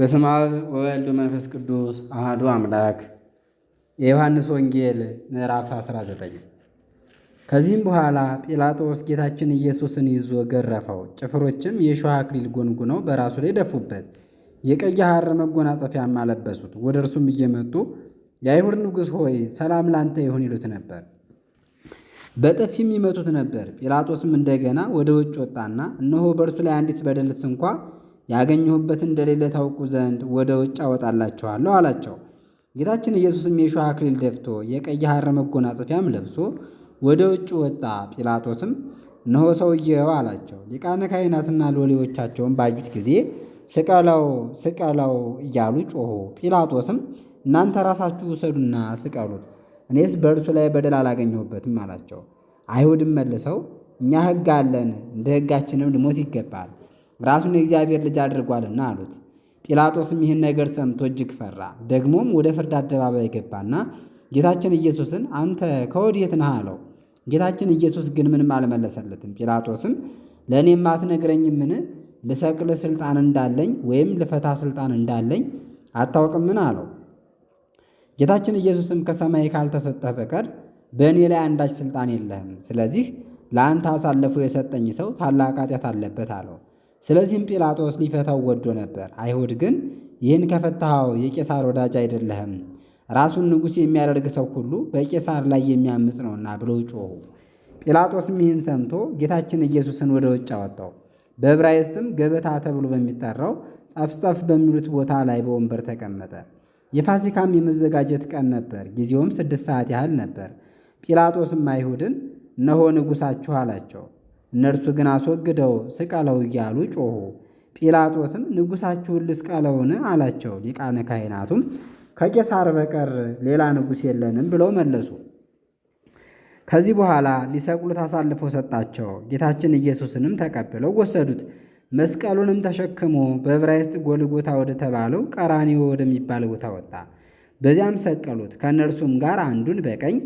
በስመ አብ ወወልድ መንፈስ ቅዱስ አህዱ አምላክ። የዮሐንስ ወንጌል ምዕራፍ 19 ከዚህም በኋላ ጲላጦስ ጌታችን ኢየሱስን ይዞ ገረፈው። ጭፍሮችም የእሾህ አክሊል ጎንጉነው በራሱ ላይ ደፉበት፣ የቀይ ሐር መጎናጸፊያም አለበሱት። ወደ እርሱም እየመጡ የአይሁድ ንጉሥ ሆይ ሰላም ላንተ ይሁን ይሉት ነበር፣ በጥፊም ይመቱት ነበር። ጲላጦስም እንደገና ወደ ውጭ ወጣና እነሆ በእርሱ ላይ አንዲት በደልስ እንኳ ያገኘሁበት እንደሌለ ታውቁ ዘንድ ወደ ውጭ አወጣላችኋለሁ አላቸው። ጌታችን ኢየሱስም የእሾህ አክሊል ደፍቶ የቀይ ሐር መጎናጸፊያም ለብሶ ወደ ውጭ ወጣ። ጲላጦስም እነሆ ሰውየው አላቸው። ሊቃነ ካህናትና ሎሌዎቻቸውን ባዩት ጊዜ ስቀለው ስቀለው እያሉ ጮሆ። ጲላጦስም እናንተ ራሳችሁ ውሰዱና ስቀሉት፣ እኔስ በእርሱ ላይ በደል አላገኘሁበትም አላቸው። አይሁድም መልሰው እኛ ሕግ አለን፣ እንደ ሕጋችንም ልሞት ይገባል ራሱን የእግዚአብሔር ልጅ አድርጓልና አሉት። ጲላጦስም ይህን ነገር ሰምቶ እጅግ ፈራ። ደግሞም ወደ ፍርድ አደባባይ ገባና ጌታችን ኢየሱስን አንተ ከወዴት ነህ አለው። ጌታችን ኢየሱስ ግን ምንም አልመለሰለትም። ጲላጦስም ማትነግረኝ ምን ልሰቅል ስልጣን እንዳለኝ ወይም ልፈታ ስልጣን እንዳለኝ አታውቅምን? አለው። ጌታችን ኢየሱስም ከሰማይ ካልተሰጠህ በቀር በእኔ ላይ አንዳች ስልጣን የለህም። ስለዚህ ለአንተ አሳልፎ የሰጠኝ ሰው ታላቅ ኃጢአት አለበት አለው። ስለዚህም ጲላጦስ ሊፈታው ወዶ ነበር። አይሁድ ግን ይህን ከፈታኸው የቄሳር ወዳጅ አይደለህም፣ ራሱን ንጉሥ የሚያደርግ ሰው ሁሉ በቄሳር ላይ የሚያምፅ ነውና ብለው ጮኹ። ጲላጦስም ይህን ሰምቶ ጌታችን ኢየሱስን ወደ ውጭ አወጣው። በዕብራይስጥም ገበታ ተብሎ በሚጠራው ጸፍጸፍ በሚሉት ቦታ ላይ በወንበር ተቀመጠ። የፋሲካም የመዘጋጀት ቀን ነበር። ጊዜውም ስድስት ሰዓት ያህል ነበር። ጲላጦስም አይሁድን እነሆ ንጉሣችሁ አላቸው። እነርሱ ግን አስወግደው ስቀለው እያሉ ጮኹ። ጲላጦስም ንጉሣችሁን ልስቀለውን አላቸው። ሊቃነ ካህናቱም ከቄሳር በቀር ሌላ ንጉሥ የለንም ብለው መለሱ። ከዚህ በኋላ ሊሰቅሉት አሳልፈው ሰጣቸው። ጌታችን ኢየሱስንም ተቀብለው ወሰዱት። መስቀሉንም ተሸክሞ በዕብራይስጥ ጎልጎታ ወደ ተባለው ቀራኒዮ ወደሚባል ቦታ ወጣ። በዚያም ሰቀሉት። ከእነርሱም ጋር አንዱን በቀኝ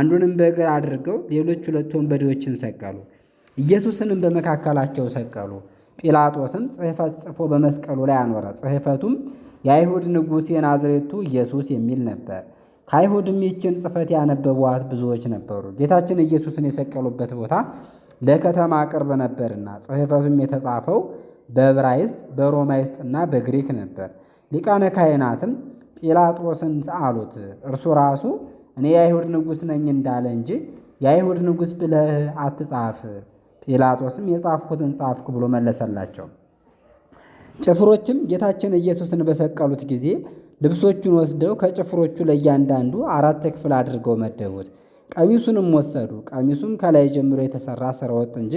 አንዱንም በግራ አድርገው ሌሎች ሁለት ወንበዴዎችን ሰቀሉ። ኢየሱስንም በመካከላቸው ሰቀሉ። ጲላጦስም ጽሕፈት ጽፎ በመስቀሉ ላይ አኖረ። ጽሕፈቱም የአይሁድ ንጉሥ የናዝሬቱ ኢየሱስ የሚል ነበር። ከአይሁድም ይችን ጽሕፈት ያነበቧት ብዙዎች ነበሩ። ጌታችን ኢየሱስን የሰቀሉበት ቦታ ለከተማ ቅርብ ነበርና ጽሕፈቱም የተጻፈው በዕብራይስጥ በሮማይስጥና በግሪክ ነበር። ሊቃነ ካህናትም ጲላጦስን አሉት፣ እርሱ ራሱ እኔ የአይሁድ ንጉሥ ነኝ እንዳለ እንጂ የአይሁድ ንጉሥ ብለህ አትጻፍ ጲላጦስም የጻፍሁትን ጻፍኩ ብሎ መለሰላቸው። ጭፍሮችም ጌታችን ኢየሱስን በሰቀሉት ጊዜ ልብሶቹን ወስደው ከጭፍሮቹ ለእያንዳንዱ አራት ክፍል አድርገው መደቡት። ቀሚሱንም ወሰዱ። ቀሚሱም ከላይ ጀምሮ የተሰራ ስረወጥ እንጂ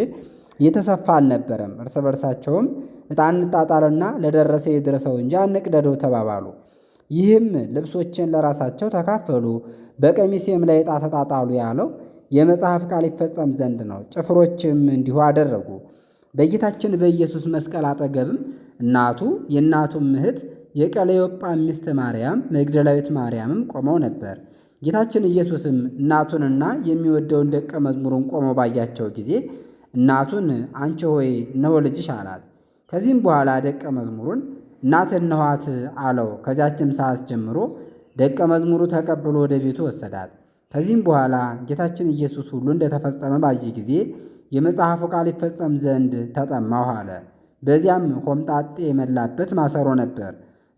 የተሰፋ አልነበረም። እርስ በርሳቸውም ዕጣ እንጣጣልና ለደረሰ ይድረሰው እንጂ አንቅደደው ተባባሉ። ይህም ልብሶችን ለራሳቸው ተካፈሉ፣ በቀሚሴም ላይ ዕጣ ተጣጣሉ ያለው የመጽሐፍ ቃል ይፈጸም ዘንድ ነው። ጭፍሮችም እንዲሁ አደረጉ። በጌታችን በኢየሱስ መስቀል አጠገብም እናቱ የእናቱም እህት የቀለዮጳ ሚስት ማርያም መግደላዊት ማርያምም ቆመው ነበር። ጌታችን ኢየሱስም እናቱንና የሚወደውን ደቀ መዝሙሩን ቆመው ባያቸው ጊዜ እናቱን አንቺ ሆይ እነሆ ልጅሽ አላት። ከዚህም በኋላ ደቀ መዝሙሩን እናት እነኋት አለው። ከዚያችም ሰዓት ጀምሮ ደቀ መዝሙሩ ተቀብሎ ወደ ቤቱ ወሰዳት። ከዚህም በኋላ ጌታችን ኢየሱስ ሁሉ እንደተፈጸመ ባየ ጊዜ የመጽሐፉ ቃል ይፈጸም ዘንድ ተጠማሁ አለ። በዚያም ሆምጣጤ የሞላበት ማሰሮ ነበር።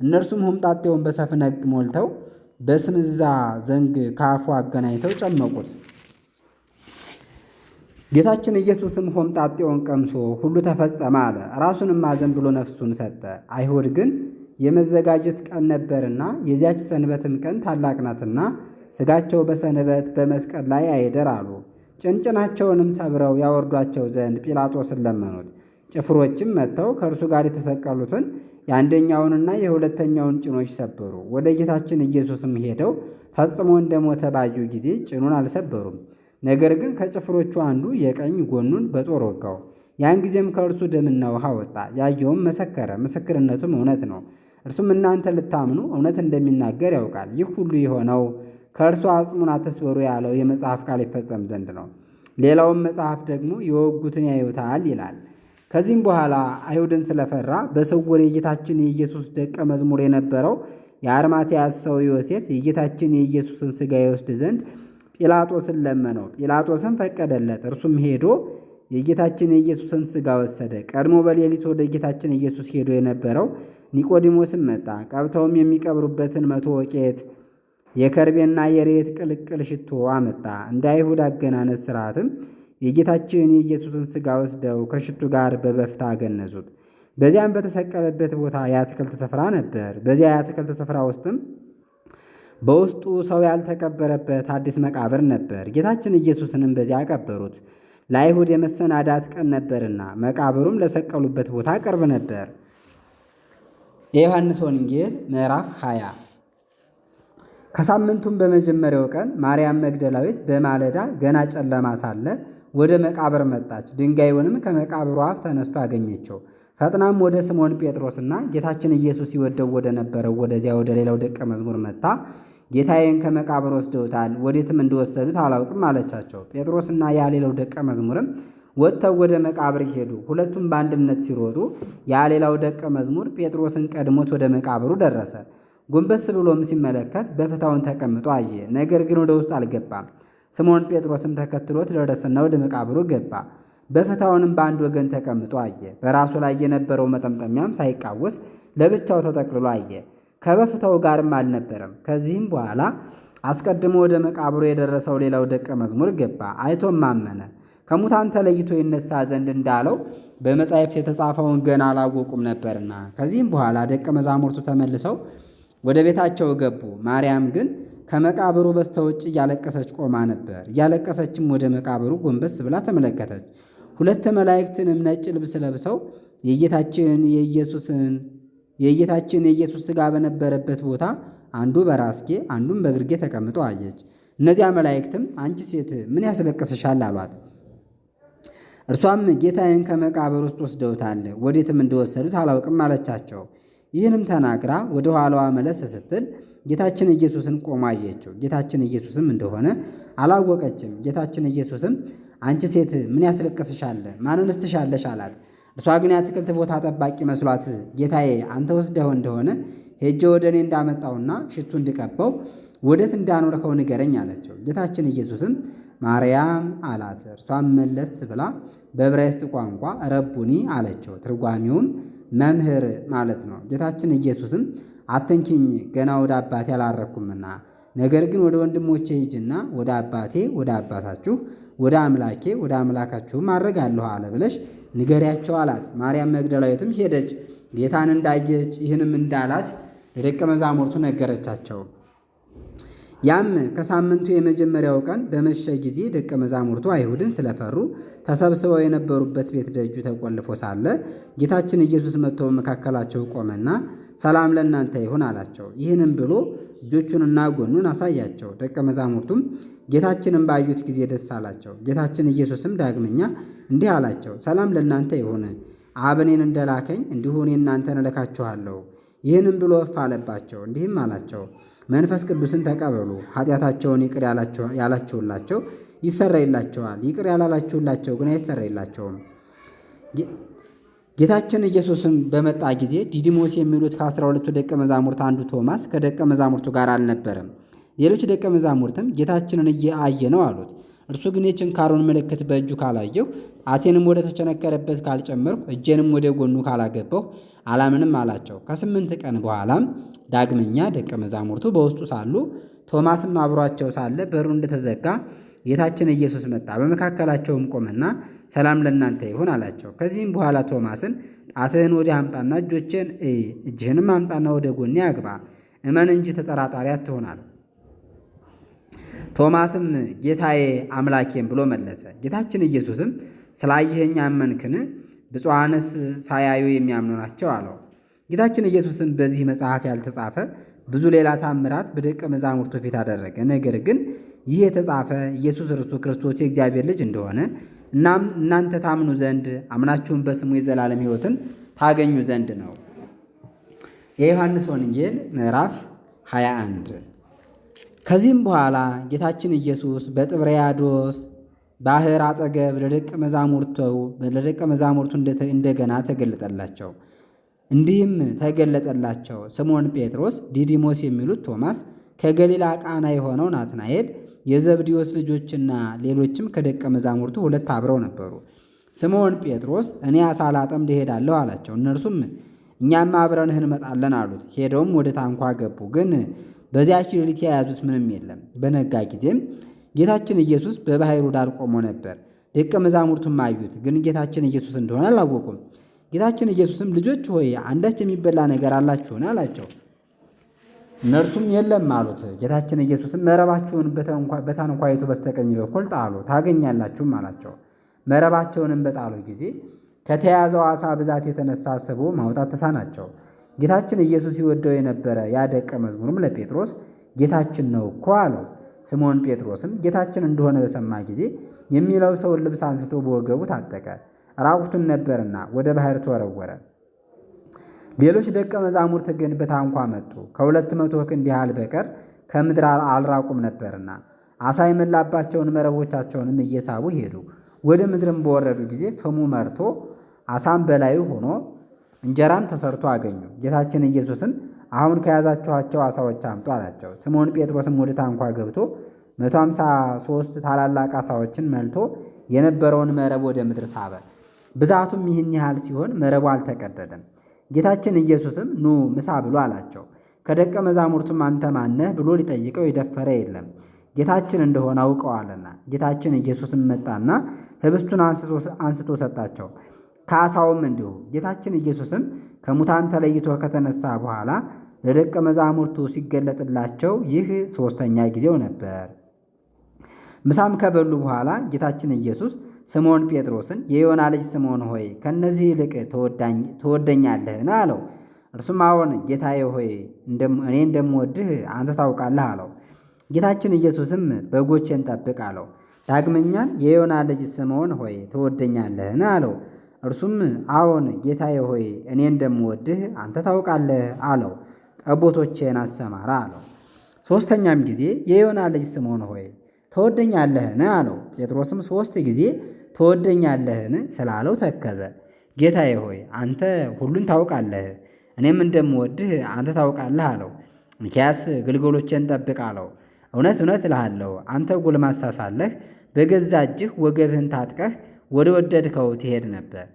እነርሱም ሆምጣጤውን በሰፍነግ ሞልተው በስምዛ ዘንግ ከአፉ አገናኝተው ጨመቁት። ጌታችን ኢየሱስም ሆምጣጤውን ቀምሶ ሁሉ ተፈጸመ አለ። ራሱንም አዘን ብሎ ነፍሱን ሰጠ። አይሁድ ግን የመዘጋጀት ቀን ነበርና የዚያች ሰንበትም ቀን ታላቅ ናትና ስጋቸው በሰንበት በመስቀል ላይ አይደር አሉ። ጭንጭናቸውንም ሰብረው ያወርዷቸው ዘንድ ጲላጦስን ለመኑት። ጭፍሮችም መጥተው ከእርሱ ጋር የተሰቀሉትን የአንደኛውንና የሁለተኛውን ጭኖች ሰበሩ። ወደ ጌታችን ኢየሱስም ሄደው ፈጽሞ እንደሞተ ባዩ ጊዜ ጭኑን አልሰበሩም። ነገር ግን ከጭፍሮቹ አንዱ የቀኝ ጎኑን በጦር ወጋው። ያን ጊዜም ከእርሱ ደምና ውሃ ወጣ። ያየውም መሰከረ፣ ምስክርነቱም እውነት ነው። እርሱም እናንተ ልታምኑ እውነት እንደሚናገር ያውቃል። ይህ ሁሉ የሆነው ከእርሱ አጽሙን አትስበሩ ያለው የመጽሐፍ ቃል ይፈጸም ዘንድ ነው። ሌላውም መጽሐፍ ደግሞ የወጉትን ያዩታል ይላል። ከዚህም በኋላ አይሁድን ስለፈራ በስውር የጌታችን የኢየሱስ ደቀ መዝሙር የነበረው የአርማትያስ ሰው ዮሴፍ የጌታችን የኢየሱስን ሥጋ ይወስድ ዘንድ ጲላጦስን ለመነው። ጲላጦስን ፈቀደለት። እርሱም ሄዶ የጌታችን የኢየሱስን ሥጋ ወሰደ። ቀድሞ በሌሊት ወደ ጌታችን ኢየሱስ ሄዶ የነበረው ኒቆዲሞስን መጣ። ቀብተውም የሚቀብሩበትን መቶ ወቄት የከርቤና የሬት ቅልቅል ሽቶ አመጣ። እንደ አይሁድ አገናነት ስርዓትም የጌታችን የኢየሱስን ሥጋ ወስደው ከሽቱ ጋር በበፍታ አገነዙት። በዚያም በተሰቀለበት ቦታ የአትክልት ስፍራ ነበር። በዚያ የአትክልት ስፍራ ውስጥም በውስጡ ሰው ያልተቀበረበት አዲስ መቃብር ነበር። ጌታችን ኢየሱስንም በዚያ ቀበሩት። ለአይሁድ የመሰናዳት ቀን ነበርና መቃብሩም ለሰቀሉበት ቦታ ቅርብ ነበር። የዮሐንስ ወንጌል ምዕራፍ 20 ከሳምንቱም በመጀመሪያው ቀን ማርያም መግደላዊት በማለዳ ገና ጨለማ ሳለ ወደ መቃብር መጣች። ድንጋዩንም ከመቃብሩ አፍ ተነስቶ አገኘችው። ፈጥናም ወደ ስምዖን ጴጥሮስና ጌታችን ኢየሱስ ይወደው ወደ ነበረው ወደዚያ ወደ ሌላው ደቀ መዝሙር መጣ። ጌታዬን ከመቃብር ወስደውታል፣ ወዴትም እንደወሰዱት አላውቅም አለቻቸው። ጴጥሮስና ያ ሌላው ደቀ መዝሙርም ወጥተው ወደ መቃብር ሄዱ። ሁለቱም በአንድነት ሲሮጡ ያ ሌላው ደቀ መዝሙር ጴጥሮስን ቀድሞት ወደ መቃብሩ ደረሰ። ጎንበስ ብሎም ሲመለከት በፍታውን ተቀምጦ አየ፣ ነገር ግን ወደ ውስጥ አልገባም። ስምዖን ጴጥሮስም ተከትሎት ደረሰና ወደ መቃብሩ ገባ። በፍታውንም በአንድ ወገን ተቀምጦ አየ። በራሱ ላይ የነበረው መጠምጠሚያም ሳይቃወስ ለብቻው ተጠቅልሎ አየ፣ ከበፍታው ጋርም አልነበረም። ከዚህም በኋላ አስቀድሞ ወደ መቃብሩ የደረሰው ሌላው ደቀ መዝሙር ገባ፣ አይቶም አመነ። ከሙታን ተለይቶ ይነሳ ዘንድ እንዳለው በመጻሕፍት የተጻፈውን ገና አላወቁም ነበርና። ከዚህም በኋላ ደቀ መዛሙርቱ ተመልሰው ወደ ቤታቸው ገቡ። ማርያም ግን ከመቃብሩ በስተውጭ እያለቀሰች ቆማ ነበር። እያለቀሰችም ወደ መቃብሩ ጎንበስ ብላ ተመለከተች። ሁለት መላእክትንም ነጭ ልብስ ለብሰው የጌታችን የኢየሱስን የጌታችን የኢየሱስ ሥጋ በነበረበት ቦታ አንዱ በራስጌ አንዱም በግርጌ ተቀምጦ አየች። እነዚያ መላእክትም አንቺ ሴት ምን ያስለቅስሻል አሏት። እርሷም ጌታዬን ከመቃብር ውስጥ ወስደውታል፣ ወዴትም እንደወሰዱት አላውቅም አለቻቸው። ይህንም ተናግራ ወደ ኋላዋ መለስ ስትል ጌታችን ኢየሱስን ቆማ አየችው። ጌታችን ኢየሱስም እንደሆነ አላወቀችም። ጌታችን ኢየሱስም አንቺ ሴት ምን ያስለቅስሻል? ማንን እስትሻለሽ አላት። እርሷ ግን የአትክልት ቦታ ጠባቂ መስሏት ጌታዬ አንተ ወስደኸው እንደሆነ ሄጄ ወደ እኔ እንዳመጣውና ሽቱ እንድቀባው ወደት እንዳኖርከው ንገረኝ አለችው። ጌታችን ኢየሱስም ማርያም አላት። እርሷም መለስ ብላ በዕብራይስጥ ቋንቋ ረቡኒ አለችው። ትርጓሚውም መምህር ማለት ነው። ጌታችን ኢየሱስም አተንኪኝ ገና ወደ አባቴ አላረኩምና ነገር ግን ወደ ወንድሞቼ ሂጅና ወደ አባቴ ወደ አባታችሁ ወደ አምላኬ ወደ አምላካችሁም አድርጋለሁ አለ ብለሽ ንገሪያቸው አላት። ማርያም መግደላዊትም ሄደች ጌታን እንዳየች ይህንም እንዳላት ለደቀ መዛሙርቱ ነገረቻቸው። ያም ከሳምንቱ የመጀመሪያው ቀን በመሸ ጊዜ ደቀ መዛሙርቱ አይሁድን ስለፈሩ ተሰብስበው የነበሩበት ቤት ደጁ ተቆልፎ ሳለ ጌታችን ኢየሱስ መጥቶ በመካከላቸው ቆመና ሰላም ለእናንተ ይሁን አላቸው። ይህንም ብሎ እጆቹንና ጎኑን አሳያቸው። ደቀ መዛሙርቱም ጌታችንን ባዩት ጊዜ ደስ አላቸው። ጌታችን ኢየሱስም ዳግመኛ እንዲህ አላቸው፣ ሰላም ለእናንተ ይሁን። አብ እኔን እንደላከኝ እንዲሁ እኔ እናንተን እልካችኋለሁ። ይህንም ብሎ እፍ አለባቸው፣ እንዲህም አላቸው መንፈስ ቅዱስን ተቀበሉ። ኃጢአታቸውን ይቅር ያላችሁላቸው ይሰረይላቸዋል፣ ይቅር ያላላችሁላቸው ግን አይሰረይላቸውም። ጌታችን ኢየሱስም በመጣ ጊዜ ዲዲሞስ የሚሉት ከአስራ ሁለቱ ደቀ መዛሙርት አንዱ ቶማስ ከደቀ መዛሙርቱ ጋር አልነበረም። ሌሎች ደቀ መዛሙርትም ጌታችንን እየአየ ነው አሉት። እርሱ ግን የችንካሩን ምልክት በእጁ ካላየሁ፣ ጣቴንም ወደ ተቸነከረበት ካልጨመርኩ፣ እጄንም ወደ ጎኑ ካላገባሁ አላምንም አላቸው። ከስምንት ቀን በኋላም ዳግመኛ ደቀ መዛሙርቱ በውስጡ ሳሉ ቶማስም አብሯቸው ሳለ በሩ እንደተዘጋ ጌታችን ኢየሱስ መጣ፣ በመካከላቸውም ቆመና ሰላም ለእናንተ ይሁን አላቸው። ከዚህም በኋላ ቶማስን ጣትህን ወደ አምጣና እጆቼን እጅህንም አምጣና ወደ ጎኔ አግባ፣ እመን እንጂ ተጠራጣሪ አትሆናል። ቶማስም ጌታዬ አምላኬም ብሎ መለሰ። ጌታችን ኢየሱስም ስላየኸኝ አመንክን? ብፁዓንስ ሳያዩ የሚያምኑ ናቸው አለው። ጌታችን ኢየሱስም በዚህ መጽሐፍ ያልተጻፈ ብዙ ሌላ ታምራት በደቀ መዛሙርቱ ፊት አደረገ። ነገር ግን ይህ የተጻፈ ኢየሱስ እርሱ ክርስቶስ የእግዚአብሔር ልጅ እንደሆነ እናም እናንተ ታምኑ ዘንድ አምናችሁን በስሙ የዘላለም ሕይወትን ታገኙ ዘንድ ነው። የዮሐንስ ወንጌል ምዕራፍ 21 ከዚህም በኋላ ጌታችን ኢየሱስ በጥብርያዶስ ባህር አጠገብ ለደቀ መዛሙርቱ ለደቀ መዛሙርቱ እንደገና ተገለጠላቸው። እንዲህም ተገለጠላቸው። ስምዖን ጴጥሮስ፣ ዲዲሞስ የሚሉት ቶማስ፣ ከገሊላ ቃና የሆነው ናትናኤል፣ የዘብዲዎስ ልጆችና ሌሎችም ከደቀ መዛሙርቱ ሁለት አብረው ነበሩ። ስምዖን ጴጥሮስ እኔ አሳ ላጠምድ እሄዳለሁ አላቸው። እነርሱም እኛም አብረንህ እንመጣለን አሉት። ሄደውም ወደ ታንኳ ገቡ። ግን በዚያች ሌሊት የያዙት ምንም የለም። በነጋ ጊዜም ጌታችን ኢየሱስ በባሕሩ ዳር ቆሞ ነበር። ደቀ መዛሙርቱም አዩት፣ ግን ጌታችን ኢየሱስ እንደሆነ አላወቁም። ጌታችን ኢየሱስም ልጆች ሆይ አንዳች የሚበላ ነገር አላችሁን? አላቸው። እነርሱም የለም አሉት። ጌታችን ኢየሱስም መረባቸውን በታንኳይቱ በስተቀኝ በኩል ጣሉ፣ ታገኛላችሁም አላቸው። መረባቸውንም በጣሉ ጊዜ ከተያዘው ዓሣ ብዛት የተነሳ ስቡ ማውጣት ተሳናቸው። ጌታችን ኢየሱስ ይወደው የነበረ ያ ደቀ መዝሙርም ለጴጥሮስ ጌታችን ነው እኮ አለው። ስምዖን ጴጥሮስም ጌታችን እንደሆነ በሰማ ጊዜ የሚለብሰውን ልብስ አንስቶ በወገቡ ታጠቀ፣ ራቁቱን ነበርና ወደ ባህር ተወረወረ። ሌሎች ደቀ መዛሙርት ግን በታንኳ መጡ፣ ከሁለት መቶ ክንድ ያህል በቀር ከምድር አልራቁም ነበርና አሳ የመላባቸውን መረቦቻቸውንም እየሳቡ ሄዱ። ወደ ምድርም በወረዱ ጊዜ ፍሙ መርቶ አሳም በላዩ ሆኖ እንጀራም ተሰርቶ አገኙ። ጌታችን ኢየሱስም አሁን ከያዛችኋቸው ዓሣዎች አምጡ አላቸው። ስምዖን ጴጥሮስም ወደ ታንኳ ገብቶ 153 ታላላቅ ዓሣዎችን መልቶ የነበረውን መረብ ወደ ምድር ሳበ። ብዛቱም ይህን ያህል ሲሆን መረቡ አልተቀደደም። ጌታችን ኢየሱስም ኑ ምሳ ብሎ አላቸው። ከደቀ መዛሙርቱም አንተ ማነህ ብሎ ሊጠይቀው የደፈረ የለም ጌታችን እንደሆነ አውቀዋልና። ጌታችን ኢየሱስም መጣና ህብስቱን አንስቶ ሰጣቸው። ካሳውም እንዲሁ ጌታችን ኢየሱስም ከሙታን ተለይቶ ከተነሳ በኋላ ለደቀ መዛሙርቱ ሲገለጥላቸው ይህ ሦስተኛ ጊዜው ነበር። ምሳም ከበሉ በኋላ ጌታችን ኢየሱስ ስምዖን ጴጥሮስን የዮና ልጅ ስምዖን ሆይ ከእነዚህ ይልቅ ትወደኛለህን? አለው። እርሱም አዎን ጌታዬ ሆይ እኔ እንደምወድህ አንተ ታውቃለህ አለው። ጌታችን ኢየሱስም በጎቼን ጠብቅ አለው። ዳግመኛም የዮና ልጅ ስምዖን ሆይ ትወደኛለህን? አለው። እርሱም አዎን ጌታዬ ሆይ እኔ እንደምወድህ አንተ ታውቃለህ አለው። ጠቦቶቼን አሰማራ አለው። ሦስተኛም ጊዜ የዮና ልጅ ስምዖን ሆይ ተወደኛለህን አለው። ጴጥሮስም ሦስት ጊዜ ተወደኛለህን ስላለው ተከዘ። ጌታዬ ሆይ አንተ ሁሉን ታውቃለህ፣ እኔም እንደምወድህ አንተ ታውቃለህ አለው። ሚኪያስ ግልገሎቼን ጠብቅ አለው። እውነት እውነት እልሃለሁ አንተ ጎልማሳ ሳለህ በገዛ እጅህ ወገብህን ታጥቀህ ወደ ወደድከው ትሄድ ነበር።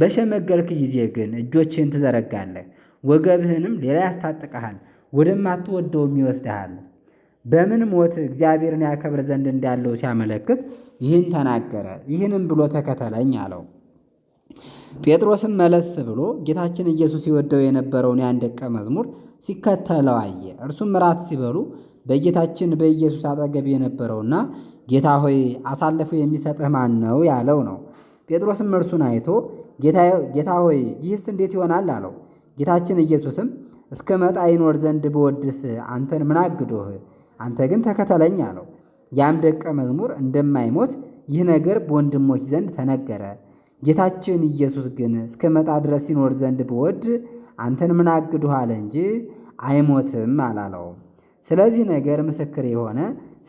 በሸመገልክ ጊዜ ግን እጆችህን ትዘረጋለህ፣ ወገብህንም ሌላ ያስታጥቀሃል፣ ወደማትወደውም ይወስድሃል። በምን ሞት እግዚአብሔርን ያከብር ዘንድ እንዳለው ሲያመለክት ይህን ተናገረ። ይህንም ብሎ ተከተለኝ አለው። ጴጥሮስም መለስ ብሎ ጌታችን ኢየሱስ ሲወደው የነበረውን ያን ደቀ መዝሙር ሲከተለው አየ። እርሱም እራት ሲበሉ በጌታችን በኢየሱስ አጠገብ የነበረውና ጌታ ሆይ አሳልፎ የሚሰጥህ ማን ነው ያለው ነው። ጴጥሮስም እርሱን አይቶ ጌታ ሆይ ይህስ እንዴት ይሆናል አለው። ጌታችን ኢየሱስም እስከ መጣ ይኖር ዘንድ ብወድስ አንተን ምን አግዶህ? አንተ ግን ተከተለኝ አለው። ያም ደቀ መዝሙር እንደማይሞት ይህ ነገር በወንድሞች ዘንድ ተነገረ። ጌታችን ኢየሱስ ግን እስከ መጣ ድረስ ይኖር ዘንድ ብወድ አንተን ምን አግዶህ አለ እንጂ አይሞትም አላለው። ስለዚህ ነገር ምስክር የሆነ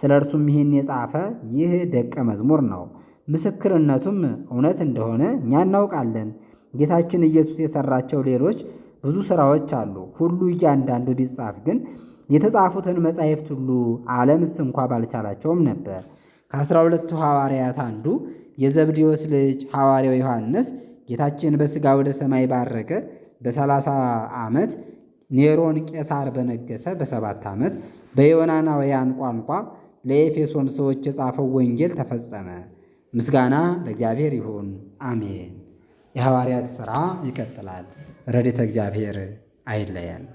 ስለ እርሱም ይህን የጻፈ ይህ ደቀ መዝሙር ነው። ምስክርነቱም እውነት እንደሆነ እኛ እናውቃለን። ጌታችን ኢየሱስ የሰራቸው ሌሎች ብዙ ስራዎች አሉ። ሁሉ እያንዳንዱ ቢጻፍ ግን የተጻፉትን መጻሕፍት ሁሉ ዓለምስ እንኳ ባልቻላቸውም ነበር። ከአስራ ሁለቱ ሐዋርያት አንዱ የዘብዴዎስ ልጅ ሐዋርያው ዮሐንስ ጌታችን በሥጋ ወደ ሰማይ ባረገ በ በ30 ዓመት ኔሮን ቄሳር በነገሰ በሰባት ዓመት በዮናናውያን ቋንቋ ለኤፌሶን ሰዎች የጻፈው ወንጌል ተፈጸመ። ምስጋና ለእግዚአብሔር ይሁን፣ አሜን። የሐዋርያት ሥራ ይቀጥላል። ረድኤተ እግዚአብሔር አይለየን።